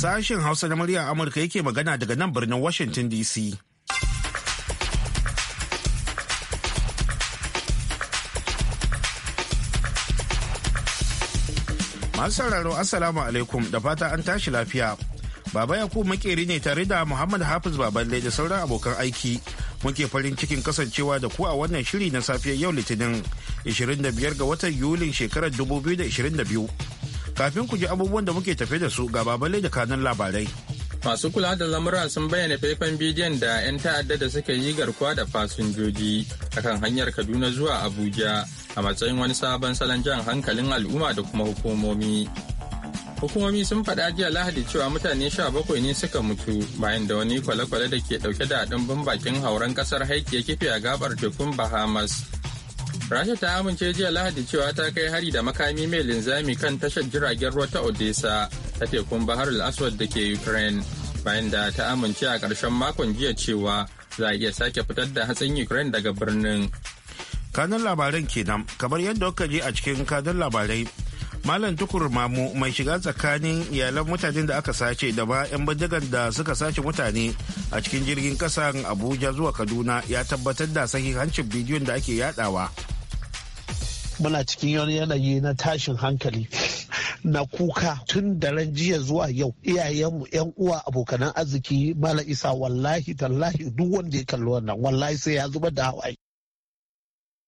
Sashen Hausa na murya Amurka yake magana daga nan birnin Washington DC. Masu sauraro Assalamu alaikum da fata an tashi lafiya. Baba Yakubu makeri ne tare da Muhammad Hafiz Baballe da sauran abokan aiki. Muke farin cikin kasancewa da ku a wannan shiri na safiyar yau Litinin 25 ga watan Yulin shekarar 2022. Kafin ku ji abubuwan da muke tafe da su ga babale da kanun labarai. Masu kula da lamura sun bayyana faifan bidiyon da 'yan ta'adda da suka yi garkuwa da fasinjoji akan hanyar Kaduna zuwa Abuja a matsayin wani sabon salon jan hankalin al'umma da kuma hukumomi. Hukumomi sun faɗa jiya Lahadi cewa mutane sha bakwai ne suka mutu bayan da wani kwale-kwale da ke ɗauke da ɗumbin bakin hauren ƙasar haiki ya kife a gaɓar tekun Bahamas Rasha ta amince jiya Lahadi cewa ta kai hari da makami mai linzami kan tashar jiragen ruwa ta Odessa ta tekun Bahar al-Aswad da ke Ukraine bayan da ta amince a ƙarshen makon jiya cewa za a iya sake fitar da hatsin Ukraine daga birnin. Kanun labaran kenan kamar yadda kuka je a cikin kanun labarai Malam Tukur Mamu mai shiga tsakanin iyalan mutanen da aka sace da ba 'yan bindigan da suka sace mutane a cikin jirgin kasan Abuja zuwa Kaduna ya tabbatar da sahihancin bidiyon da ake yadawa. muna cikin wani yanayi na tashin hankali na kuka tun daren jiya zuwa yau iyayenmu yan uwa abokanan arziki mala isa wallahi tallahi duk wanda ya kalli wannan wallahi sai ya zuba da hawaye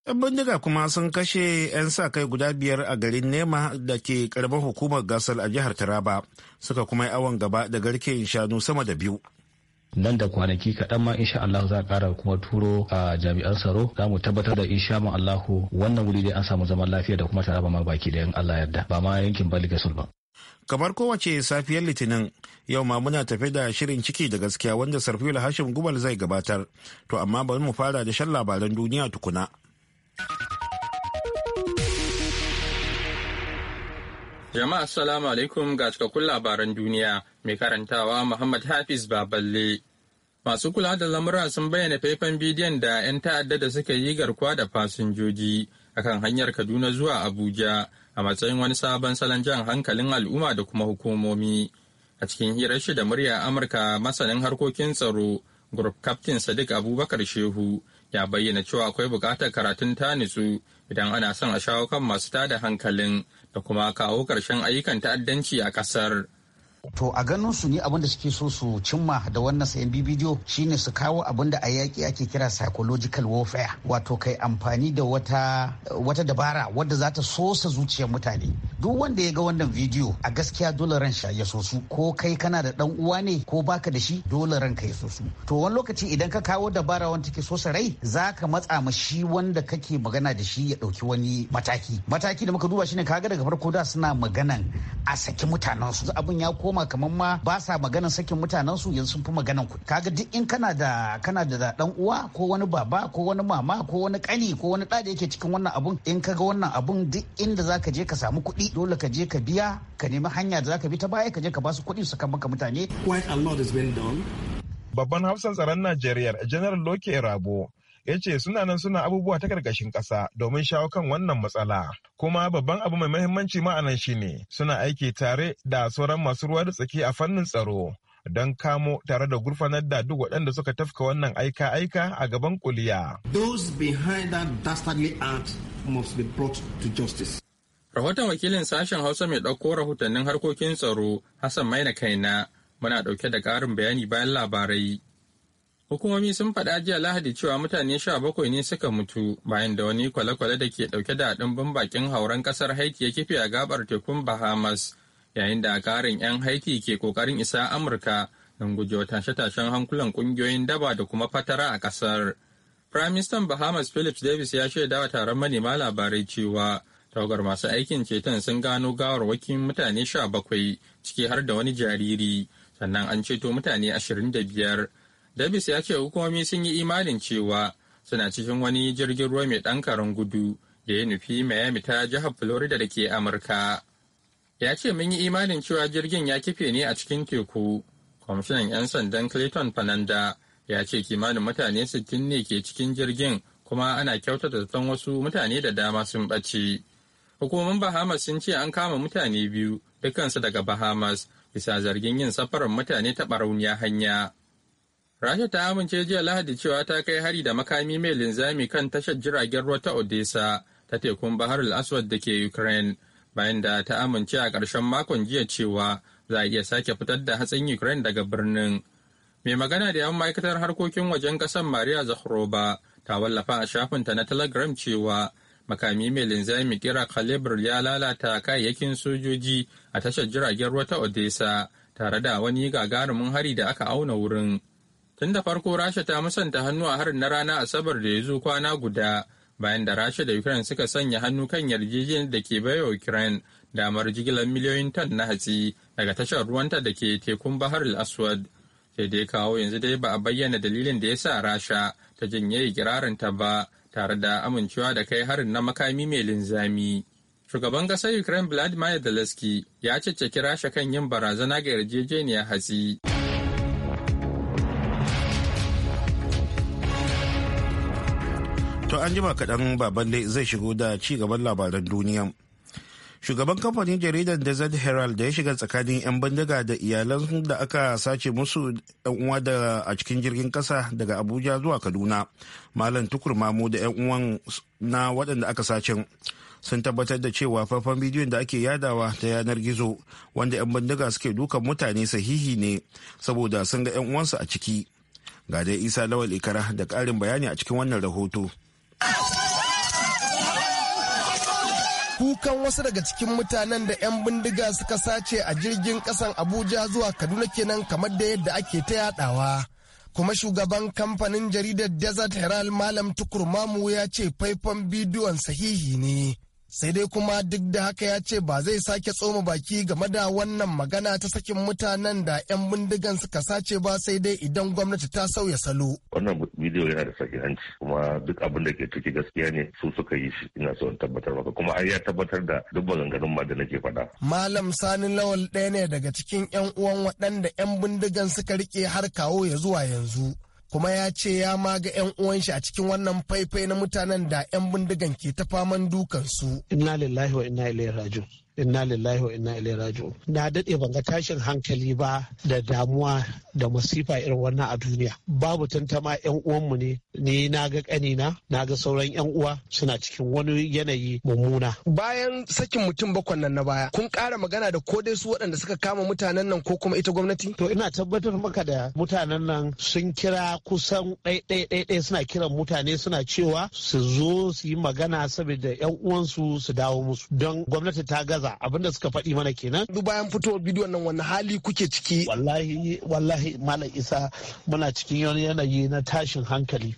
yan bindiga kuma sun kashe 'yan sa kai guda biyar a garin nema da ke karamar hukumar gasar a jihar taraba suka kuma yi awon gaba da garke shanu sama da biyu nan da kwanaki kaɗan ma insha Allah za a ƙara kuma turo a jami'an tsaro za mu tabbatar da insha mu Allahu wannan wuri dai an samu zaman lafiya da kuma taraba ma baki da Allah yarda ba ma yankin Baligasul ba. Kamar kowace safiyar Litinin yau ma muna tafe da shirin ciki da gaskiya wanda Sarfila Hashim gubal zai gabatar. To amma bari mu fara da shan labaran duniya tukuna. Jama'a assalamu alaikum ga cikakkun labaran duniya mai karantawa Muhammad Hafiz Baballe. Masu kula da lamura sun bayyana faifan bidiyon da 'yan ta'adda da suka yi garkuwa da fasinjoji akan hanyar Kaduna zuwa Abuja a matsayin wani sabon salon jan hankalin al'umma da kuma hukumomi. A cikin hirar shi da murya Amurka masanin harkokin tsaro Group Captain Sadiq Abubakar Shehu ya bayyana cewa akwai buƙatar karatun ta nutsu idan ana son a shawo kan masu tada hankalin da kuma kawo ƙarshen ayyukan ta'addanci a ƙasar. To a ganin su ne abin da suke so su cimma da wannan sayan bidiyo shine su kawo abin da a yaƙi ake kira psychological warfare wato kai amfani da wata wata dabara wadda za ta sosa zuciyar mutane. Duk wanda ya ga wannan bidiyo a gaskiya dole ran sha ya sosu ko kai kana da dan uwa ne ko baka da shi dole ran ka ya sosu. To wani lokaci idan ka kawo dabara wanda take sosa rai za ka matsa ma shi wanda kake magana da shi ya ɗauki wani mataki. Mataki da muka duba shine kaga daga farko da suna maganan a saki mutanen Su abin ya koma koma kamar ma ba sa maganan sakin mutanen su yanzu sun fi maganan kuɗi kaga duk in kana da kana da dan uwa ko wani baba ko wani mama ko wani kani ko wani da yake cikin wannan abun in kaga wannan abun duk inda zaka je ka samu kuɗi dole ka je ka biya ka nemi hanya da zaka bi ta baya ka je ka ba su kuɗi su kan maka mutane. Quite a lot is done. Babban hafsan tsaron Najeriya General Loke Rabo ya ce suna nan suna abubuwa ta karkashin ƙasa domin shawo kan wannan matsala kuma babban abu mai mahimmanci ma'anan ne suna aiki tare da sauran masu ruwa da tsaki a fannin tsaro don kamo tare da gurfanar da duk waɗanda suka tafka wannan aika-aika a gaban kuliya. Those behind that dastardly act must be brought to justice. Rahoton wakilin sashen Hausa mai ɗauko rahotannin harkokin tsaro Hassan Maina Kaina muna ɗauke da ƙarin bayani bayan labarai. Hukumomi sun faɗa jiya Lahadi cewa mutane sha bakwai ne suka mutu bayan da wani kwale-kwale da ke ɗauke da ɗumbin bakin hauren ƙasar Haiti ya kife a gabar tekun Bahamas, yayin da karin 'yan Haiti ke ƙoƙarin isa Amurka don gujewa tashe-tashen hankulan ƙungiyoyin daba da kuma fatara a ƙasar. Firaministan Bahamas philips Davis ya shaida wa taron manema labarai cewa tawagar masu aikin ceton sun gano gawarwakin mutane sha bakwai ciki har da wani jariri, sannan an ceto mutane ashirin da biyar. Davis ya ce hukumomi sun yi imanin cewa suna cikin wani jirgin ruwa mai ɗan gudu da ya nufi Miami ta jihar Florida da ke Amurka. Ya ce mun yi imanin cewa jirgin ya kife ne a cikin teku. Kwamishinan 'yan sandan Clayton Fananda ya ce kimanin mutane 60 ne ke cikin jirgin kuma ana kyautata zaton wasu mutane da dama sun ɓace. Hukumomin Bahamas sun ce an kama mutane biyu dukansu daga Bahamas bisa zargin yin safarar mutane ta barauniya hanya. Rasha ta amince jiya Lahadi cewa ta kai hari da makami mai linzami kan tashar jiragen ruwa ta Odessa ta tekun Bahar al-Aswad da ke Ukraine bayan da ta amince a ƙarshen makon jiya cewa za a iya sake fitar da hatsin Ukraine daga birnin. Mai magana da yawan ma'aikatar harkokin wajen ƙasar Maria Zakharova ta wallafa a shafinta na Telegram cewa makami mai linzami kira kalibir ya lalata kayayyakin sojoji a tashar jiragen ruwa ta Odessa tare da wani gagarumin hari da aka auna wurin. Tun da farko Rasha ta musanta hannu a harin na rana Asabar da ya zo kwana guda bayan da Rasha da Ukraine suka sanya hannu kan yarjejeniyar da ke baiwa Ukraine damar jigilar miliyoyin ton na hatsi daga tashar ruwanta da ke tekun Bahar al-Aswad. Sai dai kawo yanzu dai ba a bayyana dalilin da ya sa Rasha ta janye ta ba tare da amincewa da kai harin na makami mai linzami. Shugaban ƙasar Ukraine Vladimir Zelensky ya caccaki Rasha kan yin barazana ga yarjejeniyar hatsi. To an jima kaɗan da zai shigo da ci gaban labaran duniya. Shugaban kamfanin jaridar Desert Herald da ya shiga tsakanin 'yan bindiga da iyalan da aka sace musu yan uwa da a cikin jirgin kasa daga Abuja zuwa Kaduna. Malam tukur mamu da 'yan uwan na waɗanda aka sace sun tabbatar da cewa faifan bidiyon da ake yadawa ta yanar gizo wanda 'yan bindiga suke dukan mutane sahihi ne saboda sun ga 'yan uwansu a ciki. Ga dai Isa Lawal Ikara da ƙarin bayani a cikin wannan rahoto. kukan wasu daga cikin mutanen da 'yan bindiga suka sace a jirgin kasan abuja zuwa kaduna kenan kamar da yadda ake ta yadawa kuma shugaban kamfanin jaridar desert herald malam tukur mamu ya ce faifan bidiyon sahihi ne sai dai kuma duk da haka ya ce ba zai sake tsoma baki game da wannan magana ta sakin mutanen da 'yan bindigan suka sace ba sai dai idan gwamnati ta sauya salo. Wannan bidiyo yana da sahihanci kuma duk abin da ke ciki gaskiya ne su suka yi shi ina son tabbatar maka kuma ai ya tabbatar da duk maganganun ma da nake faɗa. Malam Sani Lawal ɗaya ne daga cikin 'yan uwan waɗanda 'yan bindigan suka rike har kawo ya zuwa yanzu. kuma ya ce ya ma ga 'yan uwan a cikin wannan faifai na mutanen da 'yan bindigan ke ta faman dukansu. Inna lillahi wa inna ilaihi rajiun. inna lillahi wa inna ilaihi raji'un na dade ban ga tashin hankali ba da damuwa da masifa irin wannan a duniya babu tantama yan uwanmu ne ni na ga kanina na ga sauran yan uwa suna cikin wani yanayi mummuna bayan sakin mutum bakwan nan na baya kun kara magana da ko dai su waɗanda suka kama mutanen nan ko kuma ita gwamnati to ina tabbatar maka da mutanen nan sun kira kusan ɗaiɗaiɗaiɗai suna kiran mutane suna cewa su zo su yi magana saboda yan uwansu su dawo musu don gwamnati ta gaza gaza abinda suka faɗi mana kenan duk bayan fitowar bidiyon nan wani hali kuke ciki wallahi wallahi malam isa muna cikin wani yanayi na tashin hankali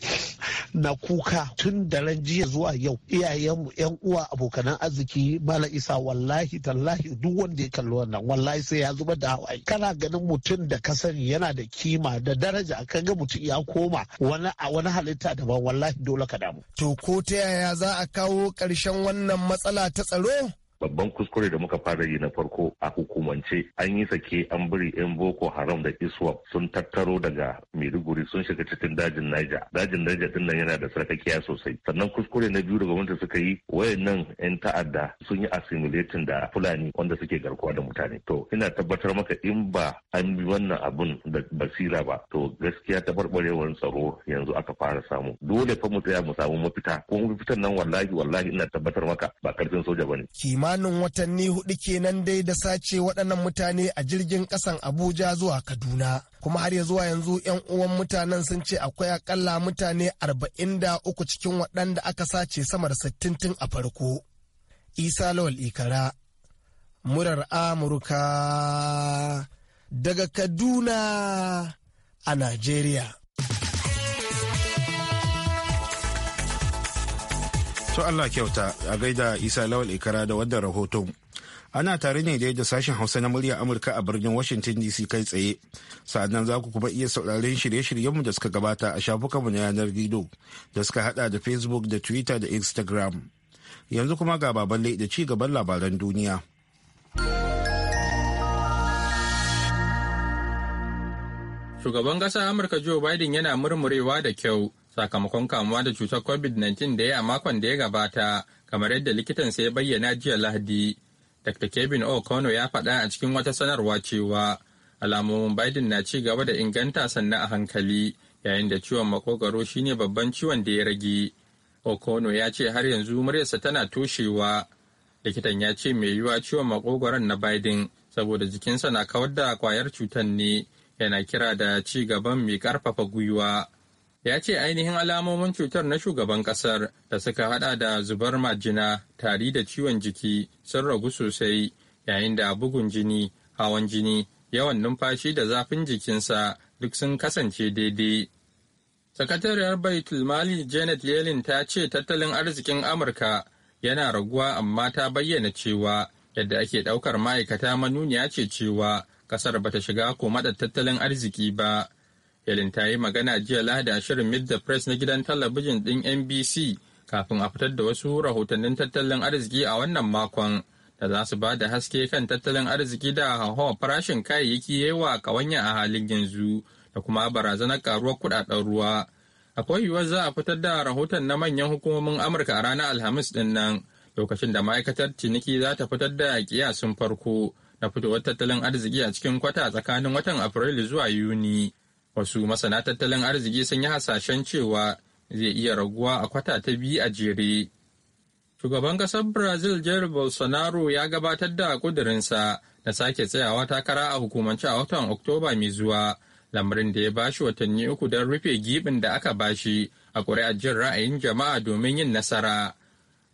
na kuka tun da ran jiya zuwa yau iyayenmu yan uwa abokanan arziki malam isa wallahi tallahi duk wanda ya kalli wannan wallahi sai ya zuba da hawaye kana ganin mutum da ka sani yana da kima da daraja Kan ga mutum ya koma wani a wani halitta daban wallahi dole ka damu to ko ta yaya za a kawo ƙarshen wannan matsala ta tsaro babban kuskure da muka fara yi na farko a hukumance an yi sake an biri yan boko haram da iswap sun tattaro daga maiduguri sun shiga cikin dajin na'ija. dajin na'ija din nan yana da sarkakiya sosai sannan kuskure na biyu da gwamnati suka yi wayannan yan ta'adda sun yi assimilating da fulani wanda suke garkuwa da mutane to ina tabbatar maka in ba an bi wannan abun da basira ba to gaskiya ta tabarbarewar tsaro yanzu aka fara samu dole fa mu tsaya mu samu mafita kuma mafitan nan wallahi wallahi ina tabbatar maka ba karfin soja ba ne. tsakanin watanni hudu kenan dai da sace waɗannan mutane a jirgin ƙasan abuja zuwa kaduna kuma har ya zuwa yanzu 'yan uwan mutanen sun ce akwai akalla mutane arba'in da uku cikin waɗanda aka sace sama da 60 tun a farko isa lawal ikara murar amurka daga kaduna a najeriya To Allah kyauta a gaida Isa Lawal Ikara da wannan rahoton. Ana tare ne dai da sashen Hausa na murya Amurka a birnin Washington DC kai tsaye. Sa'annan za ku kuma iya sauraron shirye-shiryenmu da suka gabata a shafukanmu na yanar gido da suka hada da Facebook da Twitter da Instagram. Yanzu kuma ga baballe da ci gaban labaran duniya. Shugaban ƙasa Amurka Joe Biden yana murmurewa da kyau sakamakon kamuwa da cutar covid-19 da ya a makon da ya gabata kamar yadda likitan sai ya bayyana jiya lahadi dr kevin o'connor ya faɗa a cikin wata sanarwa cewa alamomin biden na ci gaba da inganta sannan a hankali yayin da ciwon makogaro shine babban ciwon da ya rage o'connor ya ce har yanzu muryarsa tana toshewa likitan ya ce mai yiwuwa ciwon makogaron na biden saboda jikinsa na kawar da kwayar cutar ne yana kira da ci gaban mai karfafa gwiwa ya ce ainihin alamomin cutar na shugaban kasar da suka hada da zubar majina tari da ciwon jiki sun ragu sosai yayin da bugun jini hawan jini yawan numfashi da zafin jikinsa duk sun kasance daidai sakatariyar baitul mali janet yellen ta ce tattalin arzikin amurka yana raguwa amma ta bayyana cewa yadda ake daukar ma'aikata manuniya ce cewa kasar bata shiga komadar tattalin arziki ba Yellen ta yi magana jiya Lahadi a shirin Meet the Press na gidan talabijin ɗin NBC kafin a fitar da wasu rahotannin tattalin arziki a wannan makon da za su ba da haske kan tattalin arziki da hauhawar farashin kayayyaki yawa kawanya a halin yanzu da kuma barazanar karuwar kudaden ruwa. Akwai yiwuwar za a fitar da rahoton na manyan hukumomin Amurka a ranar Alhamis ɗin nan lokacin da ma'aikatar ciniki za ta fitar da kiyasin farko na fitowar tattalin arziki a cikin kwata tsakanin watan Afrilu zuwa Yuni. Wasu masana tattalin arziki sun yi hasashen cewa zai iya raguwa a kwata ta biyu a jere. Shugaban ƙasar Brazil Jair Bolsonaro ya gabatar da ƙudurinsa na sake tsayawa takara a hukumance a watan Oktoba mai zuwa, lamarin da ya bashi watanni uku don rufe gibin da aka bashi a ƙuri'ar jin ra'ayin jama'a domin yin nasara.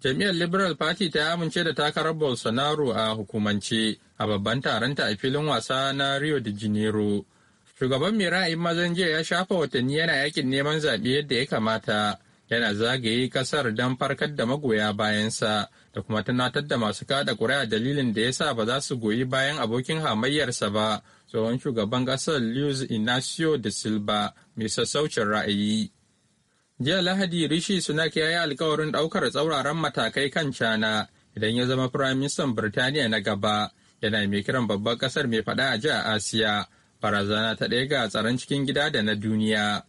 Jami'ar Liberal Party ta amince da takarar Bolsonaro a hukumance a babban taronta a filin wasa na Rio de Janeiro. Shugaban mai ra'ayin mazan jiya ya shafa watanni yana yakin neman zaɓe yadda ya kamata, yana zagaye ƙasar don farkar da magoya bayansa da kuma tunatar da masu kada ƙuri'a dalilin da ya sa ba za su goyi bayan abokin hamayyarsa ba, tsohon shugaban ƙasar Luis Inacio da Silva mai sassaucin ra'ayi. Jiya Lahadi Rishi Sunak ya yi alkawarin ɗaukar tsauraran matakai kan cana idan ya zama Firaministan Birtaniya na gaba, yana mai kiran babban ƙasar mai faɗa a jiya Asiya. barazana ta ɗaya ga tsaron cikin gida da na duniya.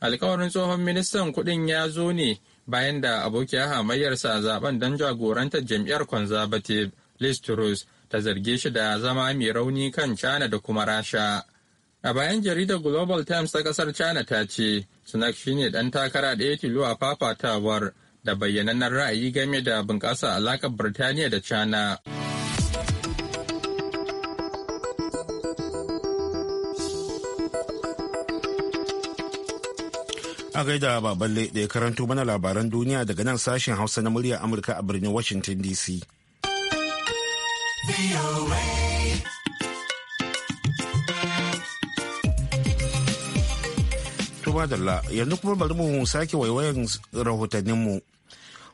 Alkawarin tsohon ministan kuɗin ya zo ne bayan da abokiya hamayyarsa a zaben don jagorantar jam'iyyar conservative Liz Truss ta zarge shi da zama mai rauni kan China da kuma Rasha. A bayan jaridar Global Times ta ƙasar China ta ce, Sunak ne ɗan takara ɗaya tilo a fafatawar da bayyanannen ra'ayi game da bunƙasa alaƙar Birtaniya da China. a gaida baballe da ya karanto mana labaran duniya daga nan sashen hausa na murya amurka a birnin washington dc Tubadalla yanzu kuma bari mu sake waiwayan rahotanninmu.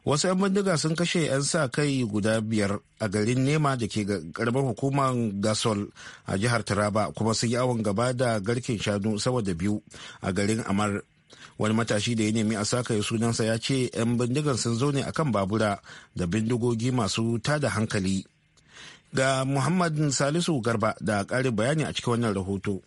Wasu 'yan bindiga sun kashe 'yan sa kai guda biyar a garin Nema da ke karamar hukumar Gasol a jihar Taraba kuma sun yi awon gaba da garkin shanu sama da biyu a garin Amar wani matashi da ya nemi a saka ya sunansa ya ce 'yan bindigan sun zo ne akan babura da bindigogi masu tada hankali ga muhammad salisu garba da ƙarin bayani a cikin wannan rahoto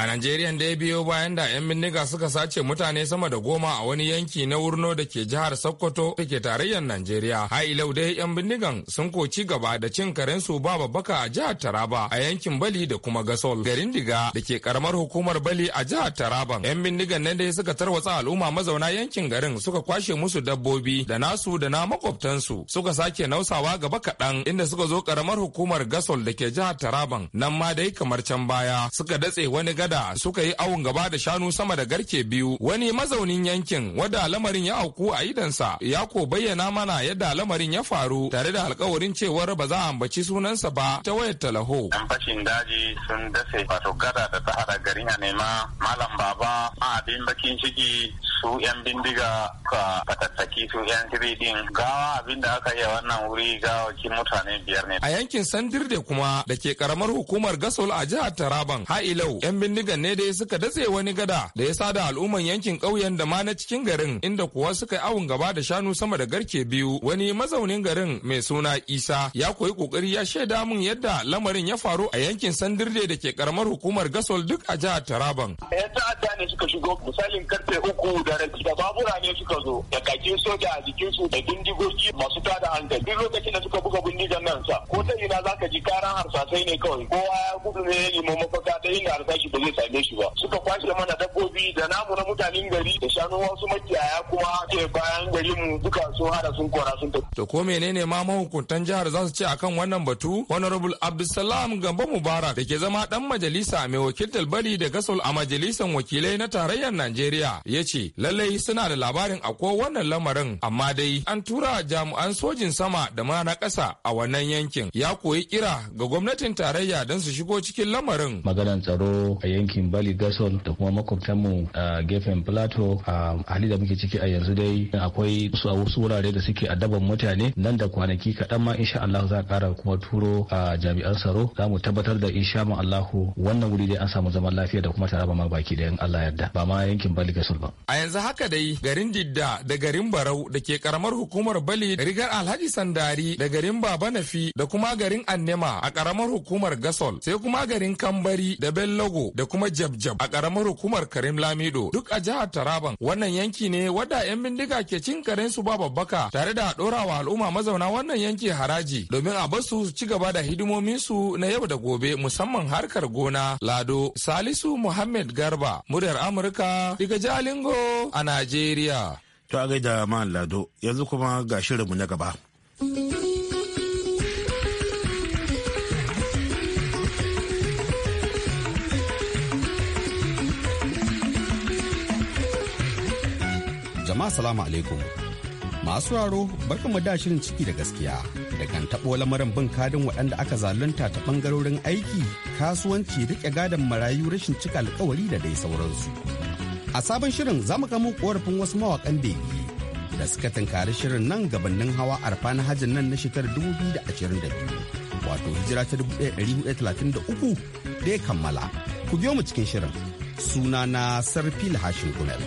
A Najeriya da ya biyo bayan da 'yan bindiga suka sace mutane sama da goma a wani yanki na wurno da ke jihar Sokoto da ke tarayyar Najeriya. Hailau dai 'yan bindigan sun koci gaba da cin karensu ba babbaka a jihar Taraba a yankin Bali da kuma Gasol. Garin Diga da ke karamar hukumar Bali a jihar Taraba. 'Yan bindigan nan dai suka tarwatsa al'umma mazauna yankin garin suka kwashe musu dabbobi da nasu da na makwabtansu suka sake nausawa gaba kaɗan inda suka zo karamar hukumar Gasol da ke jihar Taraban nan ma dai kamar can baya suka datse wani gada wadda suka yi awon gaba da shanu sama da garke biyu wani mazaunin yankin wadda lamarin ya auku a idansa ya ko bayyana mana yadda lamarin ya faru tare da alkawarin cewar ba za a ambaci sunansa ba ta wayar talaho. Yan fashin daji sun dase wato gada da ta hada garin a nema malam baba a abin bakin ciki su yan bindiga ka fatattaki su yan tiridin gawa abin da aka yi a wannan wuri gawaki mutane biyar ne. A yankin sandir da kuma da ke karamar hukumar Gasol a jihar Taraban ha'ilau yan bindigan ne dai suka datse wani gada da ya sada al'umman yankin ƙauyen da ma na cikin garin inda kuwa suka yi awon gaba da shanu sama da garke biyu wani mazaunin garin mai suna isa ya koyi kokari ya shaida min yadda lamarin ya faru a yankin sandirde da ke karamar hukumar gasol duk a jihar taraban ya ta'adda ne suka shigo misalin karfe uku da rabi ne suka zo da kakin soja a jikinsu da bindigogi masu tada hankali duk lokacin da suka buga bindigan nan sa ko ta ina zaka ji karan harsasai ne kawai kowa ya gudu ne ya nemi mafaka ta inda harsashi zai same shi ba suka kwashe mana dabbobi da namu na mutanen gari da shanu wasu makiyaya kuma ke bayan garinmu duka sun hada sun kora sun tafi. to ko menene ma mahukuntan jihar za su ce akan wannan batu honorable abdulsalam gamba mubarak da ke zama dan majalisa mai wakiltar bari da gasol a Majalisan wakilai na tarayyar najeriya ya ce lallai suna da labarin ko wannan lamarin amma dai an tura jami'an sojin sama da ma na ƙasa a wannan yankin ya koyi kira ga gwamnatin tarayya don su shigo cikin lamarin maganan tsaro a yankin bali gasol da kuma makwabtanmu a gefen plateau a hali da muke ciki a yanzu dai akwai su a wasu wurare da suke adaban mutane nan da kwanaki kaɗan ma insha allahu za a ƙara kuma turo a jami'an tsaro za mu tabbatar da insha mu Allahu wannan wuri dai an samu zaman lafiya da kuma taraba ma baki da Allah yarda ba ma yankin bali gasol ba. A yanzu haka dai garin Didda da garin Barau da ke karamar hukumar Bali rigar Alhaji Sandari da garin Baba Nafi da kuma garin Annema a karamar hukumar Gasol sai kuma garin Kambari da Bellogo da kuma jabjab a ƙaramar hukumar Karim Lamido duk a jihar Taraban. Wannan yanki ne wadda 'yan bindiga ke cin karen su ba babbaka tare da ɗorawa al'umma mazauna wannan yanki haraji domin a basu su ci gaba da hidimominsu na yau da gobe musamman harkar gona. Lado Salisu Muhammad Garba, muryar Amurka daga Jalingo a Najeriya. To a gaida Lado, yanzu kuma ga shirinmu na gaba. ma salamu alaikum. Masu raro mu da shirin ciki da gaskiya da kan taɓo lamarin bin kadin waɗanda aka zalunta ta ɓangarorin aiki, kasuwanci, riƙe gadon marayu rashin cika alkawari da dai sauransu. A sabon shirin za mu kamo korafin wasu mawakan yi da suka tunkari shirin nan gabanin hawa arfa na hajjin nan na shekarar 2022 wato hijira ta 1433 da ya kammala. Ku biyo mu cikin shirin. suna Sunana Sarfil Hashin Gumel.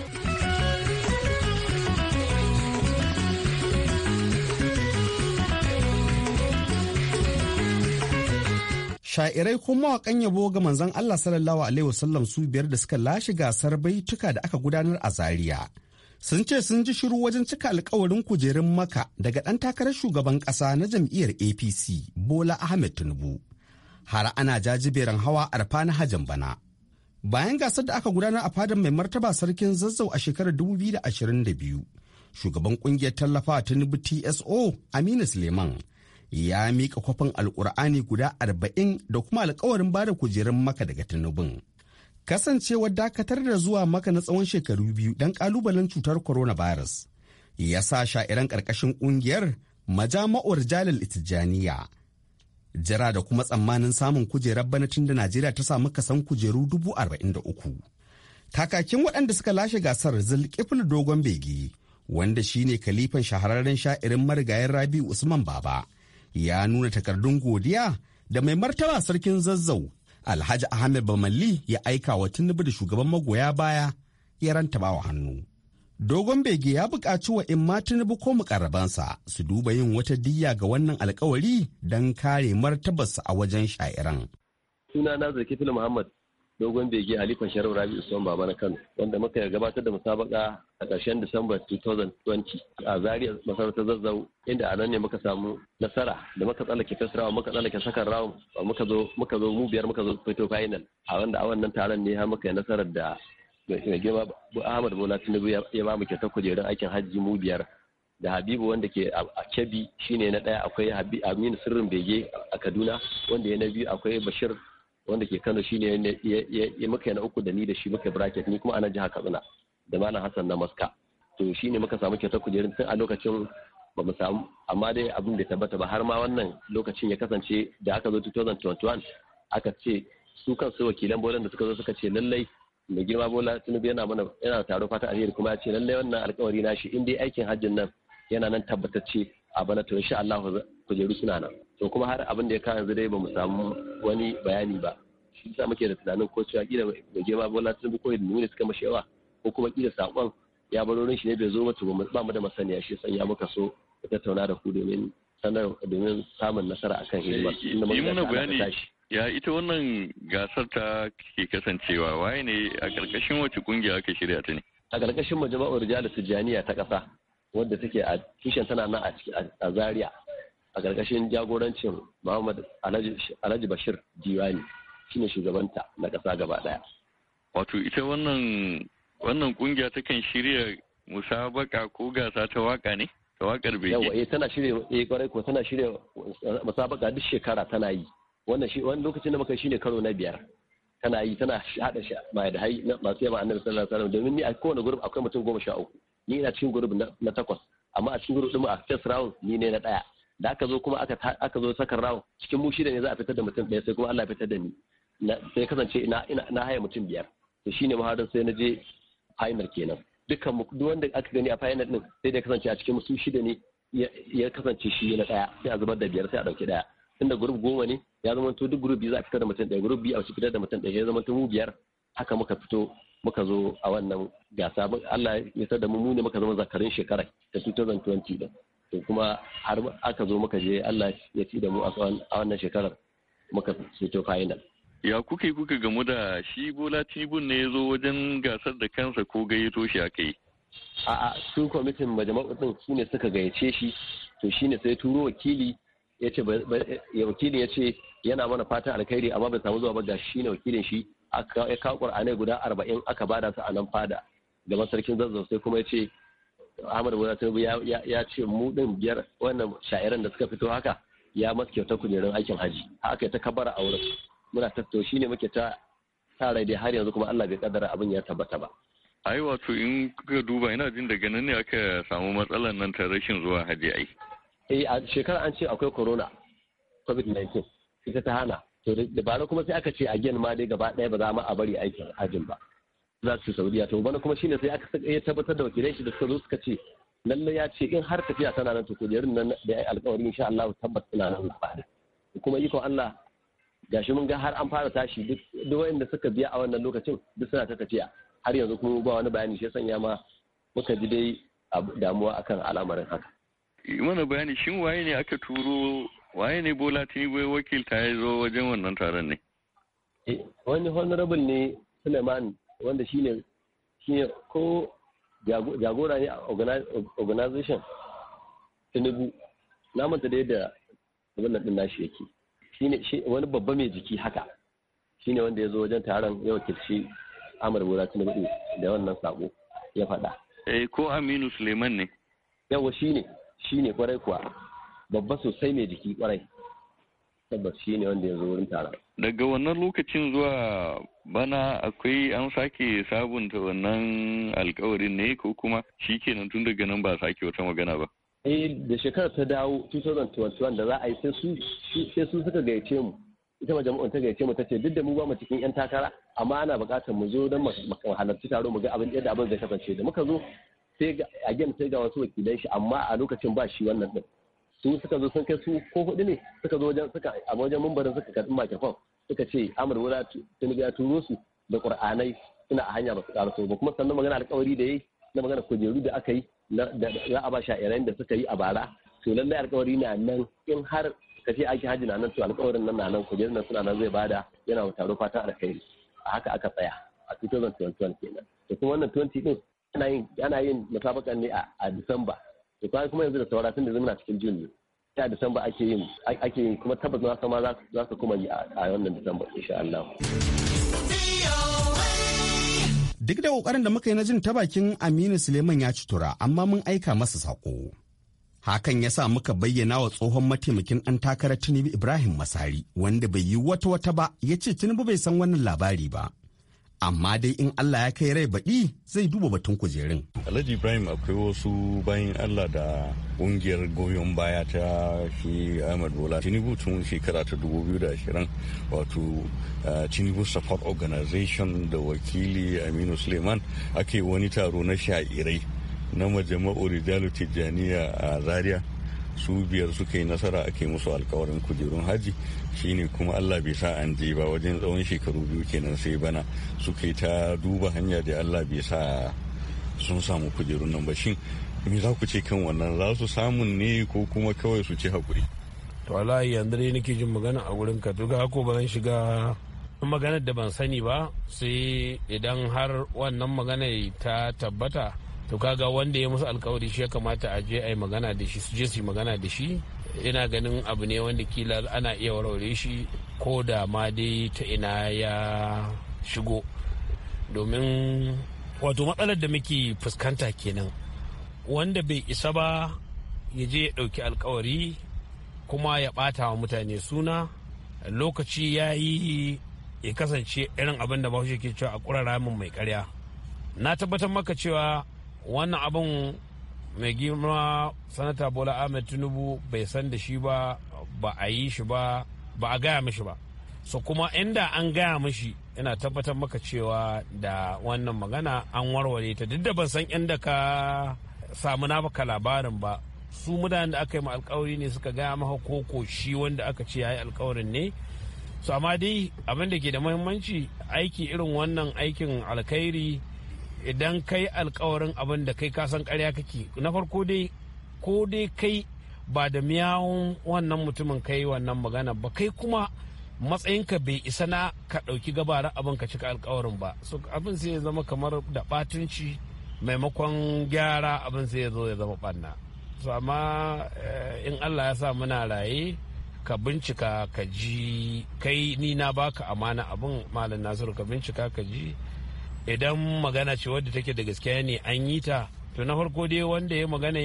sha'irai ko mawakan yabo ga manzon Allah sallallahu alaihi wasallam su biyar da suka lashe gasar baituka da aka gudanar a Zaria. Sun ce sun ji shiru wajen cika alkawarin kujerun maka daga ɗan takarar shugaban ƙasa na jam'iyyar APC Bola Ahmed Tinubu. Har ana jajiberin hawa arfa na hajin bana. Bayan gasar da aka gudanar a fadar mai martaba sarkin zazzau a shekarar 2022, shugaban ƙungiyar tallafa Tinubu TSO Aminu Suleiman ya mika kwafin alkur'ani guda arba'in da kuma alkawarin da kujerun maka daga tunubin kasancewar dakatar da zuwa maka na tsawon shekaru biyu don ƙalubalen cutar coronavirus ya sa sha'iran ƙarƙashin ƙungiyar majama'ar jalal itijaniya jira da kuma tsammanin samun kujerar banatin da najeriya ta samu kasan kujeru dubu arba'in da uku Takakin waɗanda suka lashe gasar zulkifil dogon begi wanda shine kalifan shahararren sha'irin marigayen rabi'u usman baba ya nuna takardun godiya da mai martaba sarkin zazzau alhaji ahmed bamalli ya aika wa tinubu da shugaban magoya baya ya rantaba wa hannu dogon bege ya buƙaci wa imma tinubu ko mukarrabansa su duba yin wata diyya ga wannan alkawari don kare martabarsa a wajen sha'iran sunana zaki muhammad dogon bege halifan sharar rabi usman baba na kano wanda muka gabatar da musabaka a ƙarshen disamba 2020 a zaria masarautar zazzau inda a nan ne muka samu nasara da muka tsallake first round muka tsallake second round muka zo muka zo mu biyar muka zo fito final a wanda a wannan taron ne har muka yi nasarar da mai girma ahmad bola tinubu ya ba mu kyautar kujerun aikin hajji mu biyar da habibu wanda ke a kebi shine na daya akwai aminu sirrin bege a kaduna wanda ya na biyu akwai bashir wanda ke Kano shine ya muka yana uku da ni da shi muka bracket ni kuma ana jiha Katsina da Malam Hassan na Maska to shine muka samu kyautar kujerun tun a lokacin ba mu samu amma dai abin da tabbata ba har ma wannan lokacin ya kasance da aka zo 2021 aka ce su kansu wakilan bolan da suka zo suka ce lallai mai girma bola biya yana mana yana taro fata a kuma ya ce lallai wannan alkawari na shi in dai aikin hajjin nan yana nan tabbatacce a bana to insha Allah kujeru suna nan to kuma har abin da ya kawo yanzu dai ba mu samu wani bayani ba shi sa muke da tunanin ko cewa kila mai girma bola tinubu ko da nuna suka mashi yawa ko kuma kila sakon ya wurin shi ne bai zo mata ba mu da masaniya shi sai ya muka so da tattauna da ku domin sanar domin samun nasara akan hidima eh, inda mun bayani ya ita wannan gasar ta ke kasancewa waye ne a karkashin wace kungiya aka shirya ta ne a karkashin majama'ar rijal sujaniya ta kasa wadda take a tushen tana nan a zaria a ƙarƙashin jagorancin Muhammad Alhaji Bashir Diwani shine shugabanta na ƙasa gaba ɗaya. Wato ita wannan wannan kungiya kan shirya musabaka ko gasa ta waka ne? Ta wakar bege. Yawa eh tana shirya eh kwarai ko tana shirya musabaka duk shekara tana yi. Wannan shi wani lokacin da muka shine karo na biyar. Tana yi tana hada shi mai da hai masu yaba annabi sallallahu alaihi wasallam domin ni a kowane gurbi akwai mutum goma sha uku. Ni ina cikin gurbi na takwas amma a cikin gurbi din a first round ni ne na daya. da aka zo kuma aka zo sakar rawa cikin mu shida ne za a fitar da mutum ɗaya sai kuma Allah fitar da ni sai kasance ina na haya mutum biyar to shine muharin sai na je final kenan dukkan mu duk wanda aka gani a final din sai da kasance a cikin su shida ne ya kasance shi na daya sai a zubar da biyar sai a dauki daya tunda group goma ne ya zama to duk group biyu za a fitar da mutum ɗaya group biyu a fitar da mutum ɗaya ya zama to mu biyar haka muka fito muka zo a wannan gasa Allah ya sa da mu ne muka zama zakarin shekara ta 2020 din to kuma har aka zo muka je Allah ya ci da mu a wannan shekarar muka fito final ya kuke kuka gamu da shi bola tibun ne ya zo wajen gasar da kansa ko gayyato shi akai. a a'a su kwamitin majama'u din shine suka gayyace shi to shine sai turo wakili ya ce yace yana mana fatan alkhairi amma bai samu zuwa ba ga shine wakilin shi aka kawo Qur'ani guda arba'in aka bada su a nan fada da sarkin zazzau sai kuma ya Ahmad Bola Tinubu ya ce mu din biyar wannan sha'iran da suka fito haka ya masu kyautar kujerun aikin haji haka ta kabara a wurin muna tattau shi ne muke ta tara dai har yanzu kuma Allah bai kaddara abin ya tabbata ba ai wato in ka duba ina jin da ganin ne aka samu matsalar nan ta rashin zuwa haji ai eh a shekara an ce akwai corona covid 19 ita ta hana to da kuma sai aka ce a gen ma dai gaba ɗaya ba za mu a bari aikin hajin ba za su saudiya to bana kuma shine sai aka ya tabbatar da wakilai shi da suka zo suka ce lalle ya ce in har tafiya tana nan to kujerun nan da ai alƙawarin insha Allah tabbas tana nan ba kuma iko Allah gashi mun ga har an fara tashi duk duk wanda suka biya a wannan lokacin duk suna ta tafiya har yanzu kuma ba wani bayani shi sanya ma muka ji dai damuwa akan al'amarin haka mana bayani shin waye ne aka turo waye ne Bola Tinubu bai wakilta ya zo wajen wannan taron ne eh, wani honorable ne Suleiman wanda shine shine ko jagora ne a organization tinubu na manta da yadda abin din nashi yake shine wani babba mai jiki haka shine wanda ya zo wajen taron ya wakilci amur bura tinubu da wannan sako ya faɗa. eh ko aminu suleiman ne yawa shine shine kwarai kuwa babba sosai mai jiki kwarai tabbas shi ne wanda ya zo wurin taron. Daga wannan lokacin zuwa bana akwai an sake sabunta wannan alkawarin ne ko kuma shi kenan tun daga nan ba sake wata magana ba. Eh da shekarar ta dawo 2021 da za a yi sai su suka gayyace mu. Ita majami'un ta gayyace mu ta ce duk da mu ba mu cikin 'yan takara amma ana buƙatar mu zo don mu halarci taro mu ga abin yadda abin zai kasance da muka zo sai a gem sai ga wasu wakilan shi amma a lokacin ba shi wannan din. su suka zo sun kai su ko hudu ne suka zo wajen suka a wajen mambarin suka karbi makafon suka ce amur wura tinubu ya turo su da qur'anai suna a hanya ba su karaso ba kuma sannan magana alƙawari da yayi na magana kujeru da aka yi da za a ba sha'irai da suka yi a bara to lallai alƙawari na nan in har ka ce ake haji na nan to alƙawarin nan na nan kujerun nan suna nan zai bada yana taro fatan alkhairi a haka aka tsaya a 2021 kenan to kuma wannan 20 din ana yin ana yin mutabakan ne a Disamba to kai kuma yanzu da saura tun da yanzu muna cikin juni ta Disamba ake yin ake yin kuma tabbas na sama za su kuma yi a wannan Disamba insha Allah Duk da kokarin da muka yi na jin ta bakin Aminu Suleiman ya ci tura amma mun aika masa sako. Hakan ya sa muka bayyana wa tsohon mataimakin an takarar Tinubu Ibrahim Masari wanda bai yi wata wata ba ya ce Tinubu bai san wannan labari ba. amma dai in Allah ya kai rai baɗi zai duba batun kujerun. Alhaji Ibrahim akwai wasu bayan Allah da ƙungiyar goyon baya ta shi Ahmad Bola Tinubu tun shekara ta da ashirin wato Tinubu Support Organization da wakili Aminu Suleiman ake wani taro na sha'irai na majama'u Rijalu Tijjaniya a Zaria. su biyar suka yi nasara ake musu alkawarin kujerun haji shine kuma allah bai sa an je ba wajen tsawon shekaru biyu kenan sai bana suka yi ta duba hanya da allah bai sa sun samu kujerun nan ba shin me za ku ce kan wannan za su samun ne ko kuma kawai su ce hakuri. to wallahi yanzu dai nake jin magana a wurin ka to ko ba zan shiga maganar da ban sani ba sai idan har wannan maganar ta tabbata to kaga wanda ya musu alkawari shi ya kamata a je a yi magana da shi su je su yi magana da shi ina ganin abu ne wanda kila ana iya warware shi ko da ma dai ta ina ya shigo domin wato matsalar da muke fuskanta kenan wanda bai isa ba ya je ya ɗauki alkawari kuma ya ɓata wa mutane suna lokaci ya yi ya kasance irin abin da bahaushe ke cewa a ƙura min mai karya na tabbatar maka cewa wannan abin mai girma sanata bola ahmed tinubu bai san da shi ba ba a yi shi ba ba a gaya mishi ba so kuma inda an gaya mishi ina tabbatar maka cewa da wannan magana an warware ta duk da ban san inda ka samu na baka labarin ba su mudanen da aka yi ma alkawari ne suka gaya maka koko shi wanda aka ce ya yi alkawarin ne su amma dai abin da ke da muhimmanci aiki irin wannan aikin alkhairi idan kai alkawarin abin da kai kasan karya kake na farko dai ko dai kai ba da miyawun wannan mutumin kai wannan magana ba kai kuma matsayinka bai isa na ka ɗauki gabara abin ka cika alkawarin ba so abin sai ya zama kamar da batunci maimakon gyara abin sai ya zo ya zama ɓanna so amma eh, in allah ya sa muna raye ka bincika ka ji kai ni na baka amana abin malam nasiru ka bincika ka ji idan magana ce wadda take da gaskiya ne an yi ta to na farko dai wanda ya magana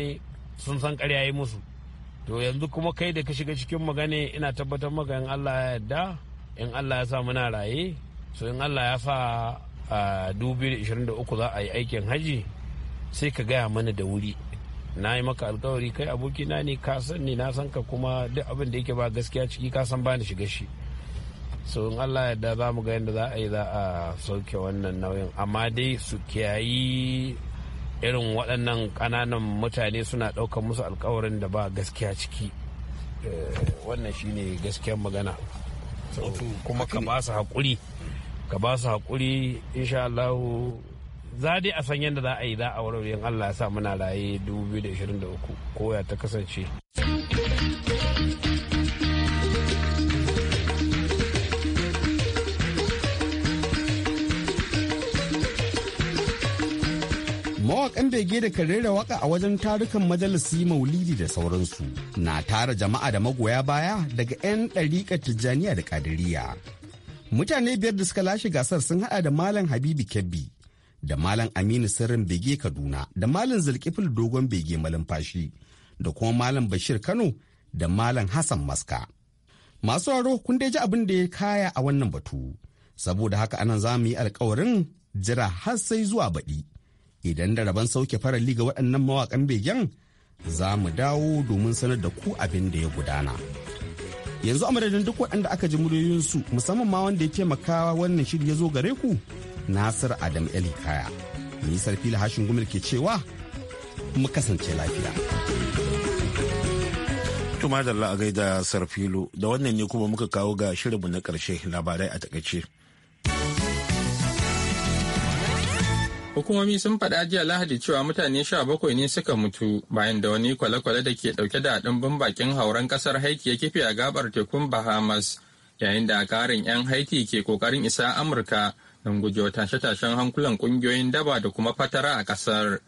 sun san karya yi musu to yanzu kuma kai da ka shiga cikin magana ina tabbatar maka in Allah ya yarda in Allah ya sa muna raye so in Allah ya sa a 2023 za a yi aikin haji sai ka gaya mana da wuri na yi maka alkawari kai abokina ne ka san ne na san ka kuma duk abin da yake ba gaskiya ciki ka san bani shiga shi so in allah yadda za mu ga yadda za a yi za a sauke wannan nauyin amma dai su kiyayi irin waɗannan ƙananan mutane suna ɗaukar musu alkawarin da ba gaskiya ciki eh, wannan shine gaskiyar magana kuma ka ba su haƙuri ka ba su haƙuri insha Allah za dai a san yadda za a yi za a warware Allah ya sa muna raye 2023 ko ya ta kasance. yan bege da kan rera waka a wajen tarukan majalisi maulidi da sauransu na tara jama'a da magoya baya daga 'yan ɗarika tijjaniya da ƙadiriya. Mutane biyar da suka lashe gasar sun haɗa da Malam Habibu Kebbi da Malam Aminu Sirrin Bege Kaduna da Malam Zulkifil Dogon Bege Malumfashi da kuma Malam Bashir Kano da Malam Hassan Maska. Masu waro kun dai ji abin da ya kaya a wannan batu. Saboda haka anan za mu yi alkawarin jira har sai zuwa baɗi. idan da rabon sauke faralli ga waɗannan mawakan begen za mu dawo domin sanar da ku abin da ya gudana yanzu a madadin duk waɗanda aka ji muryoyinsu musamman ma wanda ya taimaka wannan shiri ya zo gare ku nasir adam eli kaya nisar hashin gumil ke cewa mu kasance lafiya tuma da la'agai da da wannan ne kuma muka kawo ga shirinmu na ƙarshe labarai a takaice. Hukumomi sun faɗa jiya Lahadi cewa mutane sha bakwai ne suka mutu bayan da wani kwale-kwale da ke ɗauke da ɗumbin bakin hauren ƙasar Haiti ya kife a gabar tekun Bahamas yayin da karin 'yan Haiti ke ƙoƙarin isa Amurka don gujewa tashe-tashen hankulan ƙungiyoyin daba da kuma fatara a ƙasar.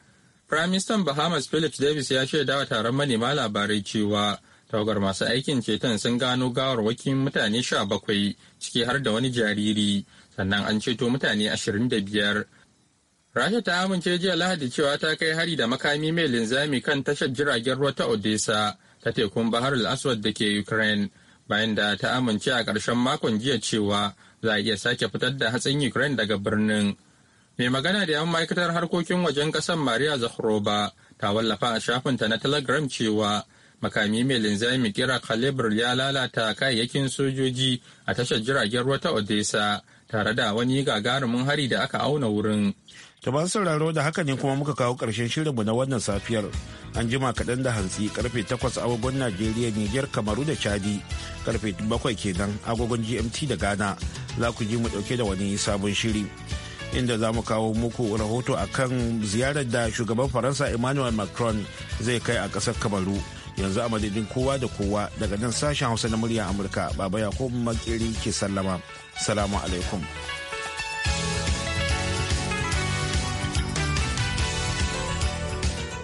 Firaministan Bahamas philip Davis ya wa taron manema labarai cewa tawagar masu aikin ceton sun gano gawarwakin mutane sha bakwai ciki har da wani jariri sannan an ceto mutane ashirin da biyar Rasha ta amince jiya Lahadi cewa ta kai hari da makami mai linzami kan tashar jiragen ruwa ta Odessa ta tekun Bahar al-Aswad da ke Ukraine bayan da ta amince a ƙarshen makon jiya cewa za a iya sake fitar da hatsin Ukraine daga birnin. Mai magana da 'yan ma'aikatar harkokin wajen ƙasar Maria Zakharova ta wallafa a shafin ta na Telegram cewa makami mai linzami kira kalibir ya lalata kayayyakin sojoji a tashar jiragen ruwa ta Odessa tare da wani gagarumin hari da aka auna wurin. ta ba sauraro da haka ne kuma muka kawo ƙarshen shirinmu na wannan safiyar an jima kaɗan da hantsi karfe 8 agogon najeriya niger kamaru da chadi karfe 7 kenan agogon gmt da ghana za ku ji mu ɗauke da wani sabon shiri inda za mu kawo muku rahoto a kan ziyarar da shugaban faransa emmanuel macron zai kai a ƙasar kamaru yanzu a madadin kowa da kowa daga nan sashen hausa na murya amurka baba yakubu Makiri ke sallama salamu alaikum